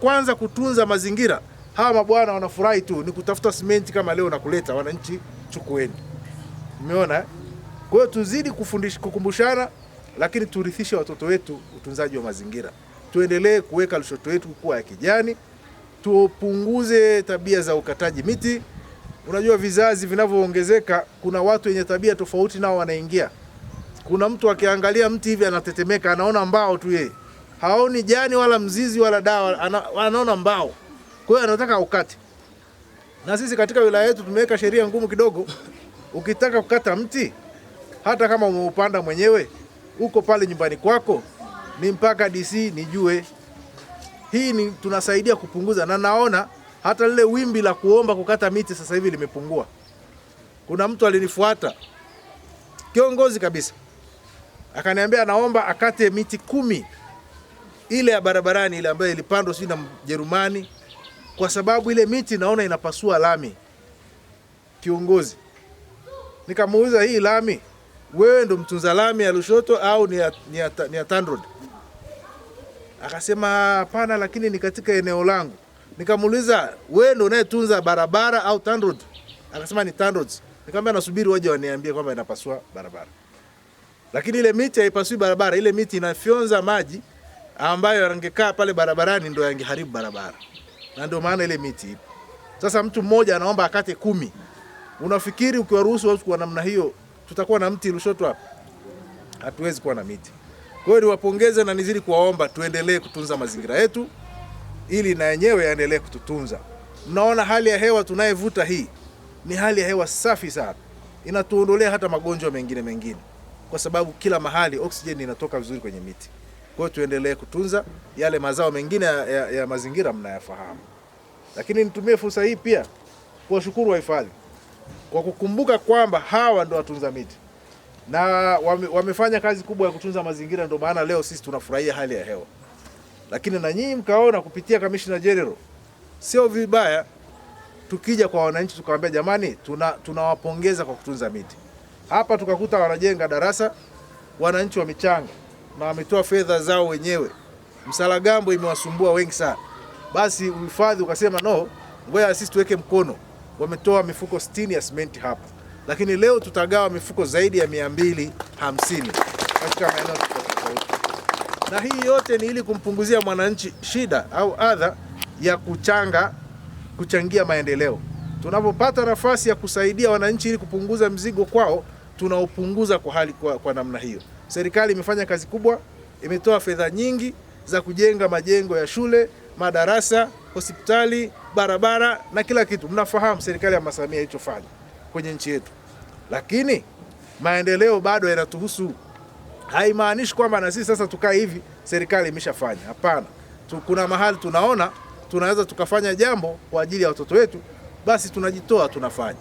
kwanza kutunza mazingira. Hawa mabwana wanafurahi tu, ni kutafuta simenti kama leo nakuleta wananchi, chukueni. Umeona eh? Kwa hiyo tuzidi kufundisha, kukumbushana, lakini turithishe watoto wetu utunzaji wa mazingira. Tuendelee kuweka Lushoto wetu kuwa ya kijani, tupunguze tabia za ukataji miti. Unajua vizazi vinavyoongezeka, kuna watu wenye tabia tofauti nao wanaingia. Kuna mtu akiangalia mti hivi anatetemeka, anaona mbao tu yeye haoni jani wala mzizi wala dawa, anaona mbao, kwa hiyo anataka ukate. Na sisi katika wilaya yetu tumeweka sheria ngumu kidogo, ukitaka kukata mti hata kama umeupanda mwenyewe uko pale nyumbani kwako, ni mpaka DC nijue. Hii ni tunasaidia kupunguza, na naona hata lile wimbi la kuomba kukata miti sasa hivi limepungua. Kuna mtu alinifuata kiongozi kabisa, akaniambia anaomba akate miti kumi ile ya barabarani ile ambayo ilipandwa sijui na Mjerumani, kwa sababu ile miti naona inapasua lami. Kiongozi nikamuuliza, hii lami wewe ndo mtunza lami ya Lushoto au ni ya, ni ya, ni ya Tandrod? Akasema hapana, lakini ni katika eneo langu. Nikamuuliza, wewe ndo unayetunza barabara au Tandrod? Akasema ni Tandrod. Nikamwambia nasubiri waje waniambie kwamba inapasua barabara, lakini ile miti haipasui barabara, ile miti inafyonza maji ambayo yangekaa pale barabarani ndio yangeharibu barabara, na ndio maana ile miti ipo. Sasa mtu mmoja anaomba akate kumi, unafikiri ukiwaruhusu watu kwa namna hiyo tutakuwa na mti Lushoto hapa? Hatuwezi kuwa na miti. Kwa hiyo niwapongeze na nizidi kuwaomba tuendelee kutunza mazingira yetu ili na yenyewe yaendelee kututunza. Mnaona hali ya hewa tunayevuta hii ni hali ya hewa safi sana, inatuondolea hata magonjwa mengine mengine, kwa sababu kila mahali oksijeni inatoka vizuri kwenye miti. Kwa hiyo tuendelee kutunza yale mazao mengine ya, ya, ya mazingira mnayafahamu, lakini nitumie fursa hii pia kuwashukuru wahifadhi kwa kukumbuka kwamba hawa ndio watunza miti na wame, wamefanya kazi kubwa ya kutunza mazingira, ndio maana leo sisi tunafurahia hali ya hewa. Lakini na nyinyi mkaona kupitia kamishina general, sio vibaya tukija kwa wananchi tukawaambia, jamani, tunawapongeza tuna kwa kutunza miti hapa, tukakuta wanajenga darasa wananchi wa michanga na wametoa fedha zao wenyewe. Msaragambo imewasumbua wengi sana, basi uhifadhi ukasema no, ngoja sisi tuweke mkono. Wametoa mifuko 60 ya simenti hapa, lakini leo tutagawa mifuko zaidi ya 250 katika maeneo tofauti, na hii yote ni ili kumpunguzia mwananchi shida au adha ya kuchanga kuchangia maendeleo. Tunapopata nafasi ya kusaidia wananchi ili kupunguza mzigo kwao, tunaupunguza kwa hali kwa, kwa namna hiyo serikali imefanya kazi kubwa, imetoa fedha nyingi za kujenga majengo ya shule, madarasa, hospitali, barabara na kila kitu. Mnafahamu serikali ya Masamia ilichofanya kwenye nchi yetu, lakini maendeleo bado yanatuhusu. Haimaanishi kwamba na sisi sasa tukae hivi, serikali imeshafanya. Hapana, kuna mahali tunaona tunaweza tukafanya jambo kwa ajili ya watoto wetu, basi tunajitoa tunafanya.